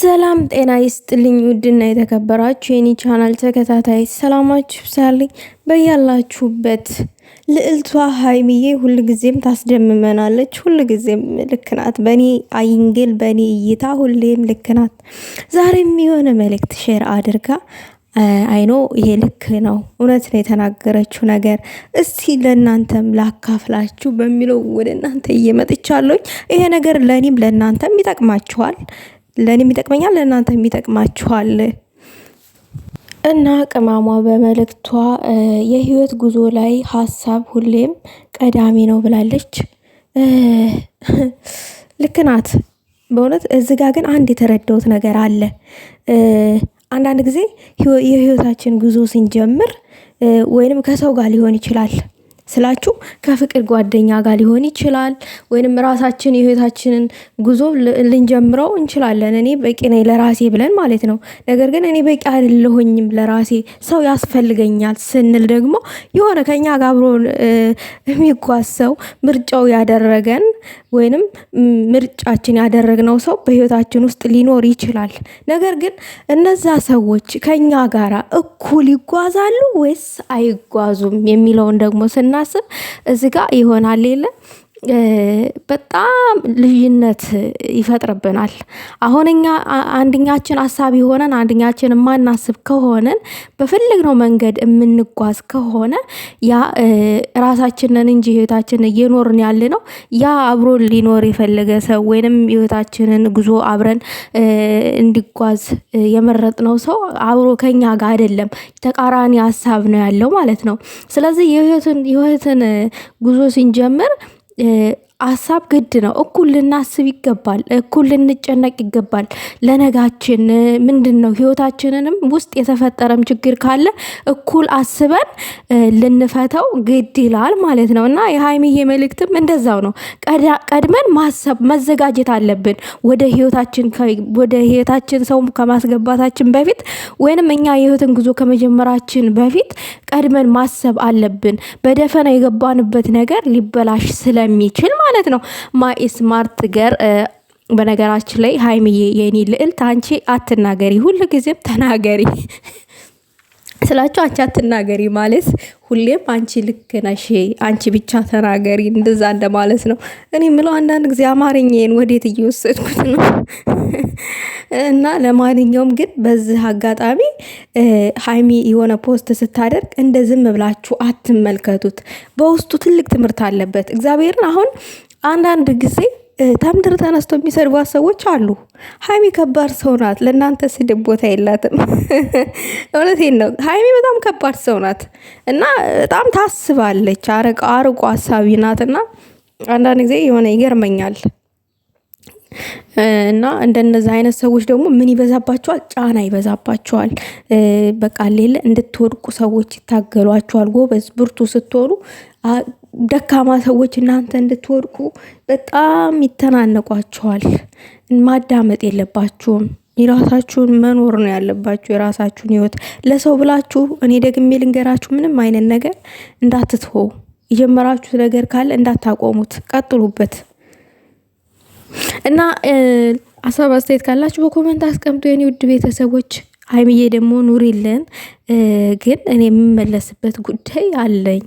ሰላም ጤና ይስጥልኝ። ውድና የተከበራችሁ የኔ ቻናል ተከታታይ ሰላማችሁ ብሳልኝ በያላችሁበት። ልዕልቷ ሀይሚዬ ሁልጊዜም ታስደምመናለች። ሁልጊዜም ልክ ናት። በእኔ አይንግል በእኔ እይታ ሁሌም ልክ ናት። ዛሬም የሆነ መልእክት ሼር አድርጋ አይኖ ይሄ ልክ ነው፣ እውነት ነው የተናገረችው ነገር፣ እስቲ ለእናንተም ላካፍላችሁ በሚለው ወደ እናንተ እየመጥቻለሁኝ። ይሄ ነገር ለእኔም ለእናንተም ይጠቅማችኋል ለእኔም ይጠቅመኛል፣ ለእናንተም ይጠቅማችኋል። እና ቅመሟ በመልእክቷ የህይወት ጉዞ ላይ ሀሳብ ሁሌም ቀዳሚ ነው ብላለች። ልክ ናት በእውነት። እዚህ ጋ ግን አንድ የተረዳሁት ነገር አለ። አንዳንድ ጊዜ የህይወታችን ጉዞ ስንጀምር ወይንም ከሰው ጋር ሊሆን ይችላል ስላችሁ ከፍቅር ጓደኛ ጋር ሊሆን ይችላል፣ ወይንም ራሳችን የህይወታችንን ጉዞ ልንጀምረው እንችላለን። እኔ በቂ ነኝ ለራሴ ብለን ማለት ነው። ነገር ግን እኔ በቂ አይደለሁኝም ለራሴ ሰው ያስፈልገኛል ስንል ደግሞ የሆነ ከኛ ጋር አብሮ የሚጓዝ ሰው ምርጫው ያደረገን ወይንም ምርጫችን ያደረግነው ሰው በህይወታችን ውስጥ ሊኖር ይችላል። ነገር ግን እነዛ ሰዎች ከኛ ጋራ እኩል ይጓዛሉ ወይስ አይጓዙም የሚለውን ደግሞ ስና ስናስብ እዚህ ጋር ይሆናል የለ በጣም ልዩነት ይፈጥርብናል። አሁን እኛ አሳቢ ሆነን አንድኛችን የማናስብ ከሆነን በፈለግነው መንገድ የምንጓዝ ከሆነ ያ ራሳችንን እንጂ ህይወታችንን እየኖርን ያለነው ያ አብሮ ሊኖር የፈለገ ሰው ወይንም ህይወታችንን ጉዞ አብረን እንዲጓዝ የመረጥነው ሰው አብሮ ከኛ ጋር አይደለም ተቃራኒ ሀሳብ ነው ያለው ማለት ነው። ስለዚህ የህይወትን የህይወትን ጉዞ ስንጀምር ሀሳብ ግድ ነው። እኩል ልናስብ ይገባል። እኩል ልንጨነቅ ይገባል። ለነጋችን ምንድን ነው ህይወታችንንም ውስጥ የተፈጠረም ችግር ካለ እኩል አስበን ልንፈተው ግድ ይላል ማለት ነው እና የሀይሚዬ መልእክትም እንደዛው ነው። ቀድመን ማሰብ መዘጋጀት አለብን። ወደ ህይወታችን ወደ ህይወታችን ሰው ከማስገባታችን በፊት ወይንም እኛ የህይወትን ጉዞ ከመጀመራችን በፊት ቀድመን ማሰብ አለብን። በደፈና የገባንበት ነገር ሊበላሽ ስለሚችል ማለት ነው። ማይ ስማርት ገር በነገራችን ላይ ሀይሚዬ የኔ ልዕልት አንቺ አትናገሪ፣ ጊዜም ተናገሪ ስላችሁ አንቺ አትናገሪ ማለት ሁሌም አንቺ ልክ ነሽ፣ አንቺ ብቻ ተናገሪ እንደዛ እንደማለት ነው። እኔ ምለው አንዳንድ ጊዜ አማርኛዬን ወዴት እየወሰድኩት ነው? እና ለማንኛውም ግን በዚህ አጋጣሚ ሀይሚ የሆነ ፖስት ስታደርግ እንደ ዝም ብላችሁ አትመልከቱት። በውስጡ ትልቅ ትምህርት አለበት። እግዚአብሔርን አሁን አንዳንድ ጊዜ ተምድር ተነስቶ የሚሰድቧት ሰዎች አሉ። ሀይሚ ከባድ ሰው ናት። ለእናንተ ስድብ ቦታ የላትም። እውነቴን ነው። ሀይሚ በጣም ከባድ ሰው ናት እና በጣም ታስባለች። አርቆ አሳቢ ናት እና አንዳንድ ጊዜ የሆነ ይገርመኛል። እና እንደነዚህ አይነት ሰዎች ደግሞ ምን ይበዛባቸዋል? ጫና ይበዛባቸዋል። በቃ ሌለ እንድትወድቁ ሰዎች ይታገሏቸዋል። ጎበዝ ብርቱ ስትሆኑ ደካማ ሰዎች እናንተ እንድትወድቁ በጣም ይተናነቋቸዋል። ማዳመጥ የለባችሁም። የራሳችሁን መኖር ነው ያለባችሁ። የራሳችሁን ህይወት ለሰው ብላችሁ እኔ ደግሜ ልንገራችሁ፣ ምንም አይነት ነገር እንዳትትሆ የጀመራችሁት ነገር ካለ እንዳታቆሙት፣ ቀጥሉበት። እና አሳብ አስተያየት ካላችሁ በኮመንት አስቀምጡ የኔ ውድ ቤተሰቦች። ሀይሚዬ ደግሞ ኑሪልን፣ ግን እኔ የምመለስበት ጉዳይ አለኝ።